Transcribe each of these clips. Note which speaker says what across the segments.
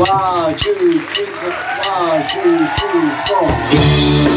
Speaker 1: One, two, three, one, two, three, four.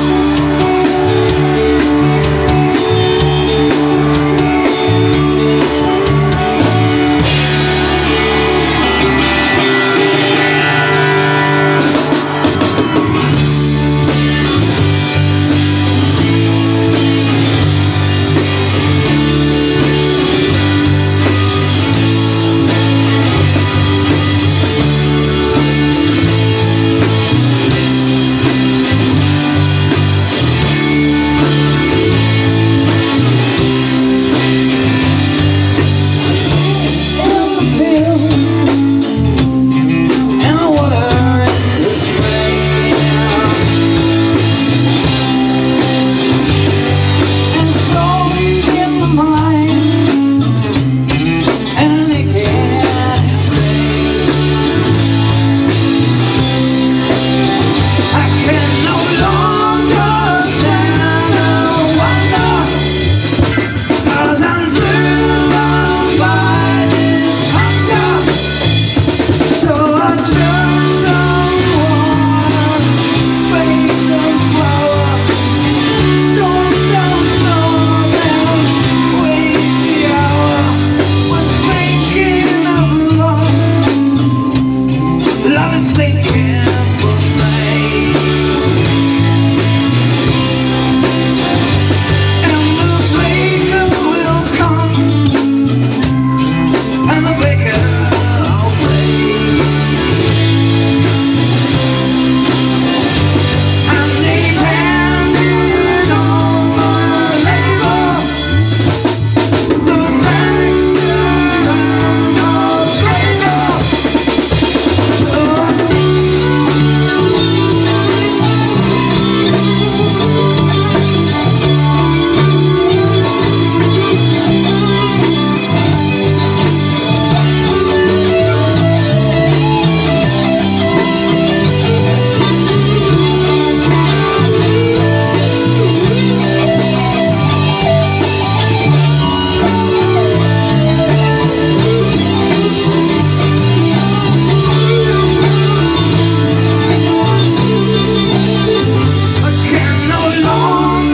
Speaker 1: long